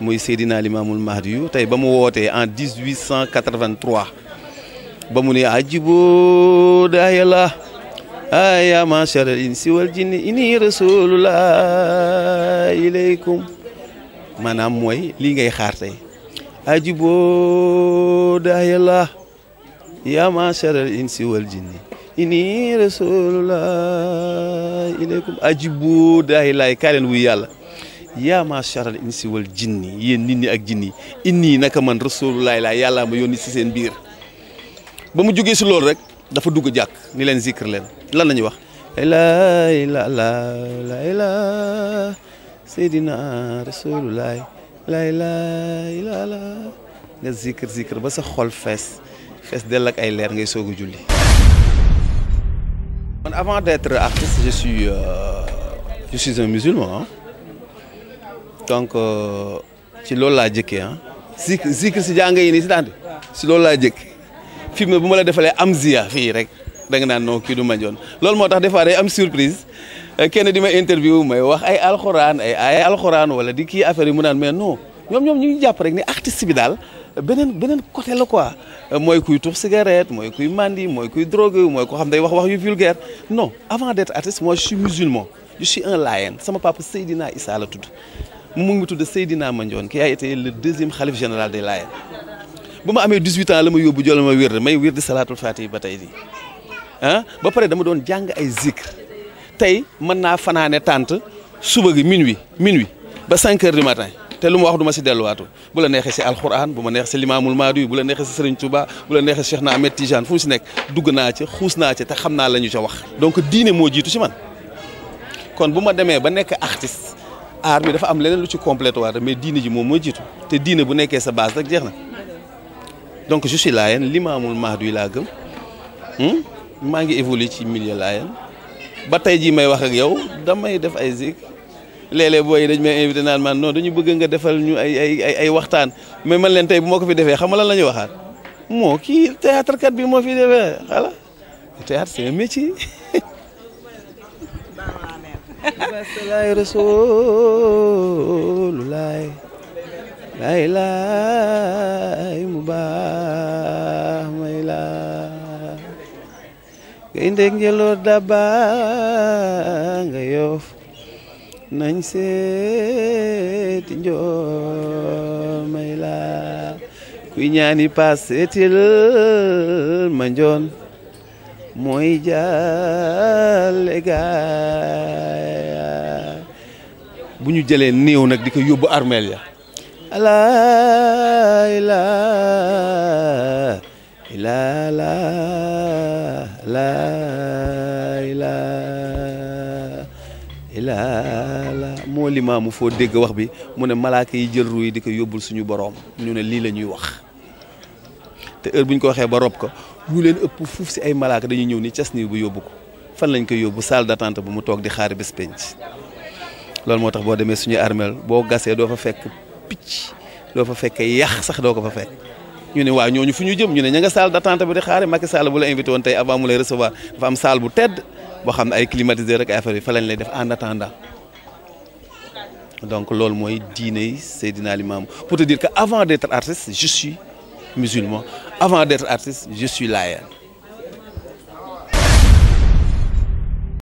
muy Seydina Limaamul Mahdiyu tey ba mu wootee en 1883 ba mu ne ajibu daayala aya mashar al insi wal jinni inni rasulullah ilaykum maanaam mooy lii ngay xaar tey ajibu daayala ya mashar al insi wal jinni inni rasulullah ilaykum ajibu daayala kaay leen wuy yàlla ya ma sharal insi wal jinni yen nit ñi iya, ak jinni inni naka man rasulullah la yalla ma yoni ci sen bir ba mu joggé ci lool rek dafa dugg jak ni len zikr len lan lañ wax la ilaha la ilaha sayidina rasulullah la ilaha illa nga zikr zikr ba sa xol fess fess del ak ay leer ngay sogu julli avant d'être artiste je suis euh, je suis un musulman hein? donc euh, ci loolu la jëkkee hein ah. zikr si jàng yi ni si daan si loolu la jëkk film mu bu ma la défalé am ziya fi rek da nga naan no ki du ma joon loolu moo tax des am surprise euh, kenn di ma interview may wax ay alcorane ay ay alcorane wala di ki affaire yi mu naan mais non ñom ñom ñu japp rek ni artiste bi dal benen benen côté la quoi euh, moy kuy tux cigarette moy kuy mandi moy kuy drogue moy ko xam day wax wax yu vulgaire non avant d'être artiste moi je suis musulman je suis un layen sama papa Seydina Issa la tudd mu ngi tudd Seydina Mandione ki a été le deuxième xalif général des Layènes bu ma amee 18 ans la ma yóbbu jël ma wér may wér di salaatul faatihi ba tey jii ah ba pare dama doon jàng ay zikr tey mën naa fanaane tànt suba gi minuit minuit ba cinq heures du matin te lu ma wax du ma si delluwaatu bu la neexee si alxuraan bu ma neex si limaamul maadu bu la neexee si Serigne Touba bu la neexee si Cheikh na Ahmed Tijane fu mu si nekk dugg naa ci xuus naa ci te xam naa la ñu ca wax. donc diine moo jiitu si man bu ma demee ba nekk artiste. aar bi dafa am leneen lu ci complété waat mais diine ji moom moo jiitu te diine bu nekkee sa base rek jeex na donc je suis laayeen limaamul Mahdi laa gëm hmm? maa ngi évoluer ci milieu laayeen ba tey jii may wax ak yow damay def ay zik léeg boo booy dañ may invité naan man non dañu bëgg nga defal ñu ay ay waxtaan mais man leen tey bu ma ko fi defee xam ma lan la ñuy waxaat moo kii théâtre kat bi moo fi defee xala théâtre c'est un métier basalaay rasulullaay laay laay mu baax may laa gaynde njëloor dabaa nga yoof nañ seeti njool may laa ñaani paas seetil ma njoon mooy jaale gaay bu ñu jëlee néew nag di ko yóbbu armeel ya laa ilaaha illallaah laa ilaaha illallaah moo limaamu foo dégg wax bi mu ne malaaka yi jël ruu yi di ko yóbbul suñu boroom ñu ne lii la ñuy wax te heure bu ñu ko waxee ba rob ko ñu leen ëpp fuuf si ay malaaka dañuy ñëw ni cas nii bu yóbbu ko fan lañ koy yóbbu salle d'attente bu mu toog di xaar bés penc loolu motax bo boo suñu armel bo gassé do fa fekk picc do fa fekk yàq sax do ko fa fekk ñu ni waaw ñooñu fu ñu jëm ñu ne ña nga salle d'attente bi di xaaré Macky Sall bu la invité woon tay avant mu lay recevoir dafa am salle bu tedd bo xam ay climatiseur ak affaire yi fa lañ lay def en attendant donc lool moy diine yi Seydina Limamou pour te dire que avant d'être artiste je suis musulman avant d'être artiste je suis laayeen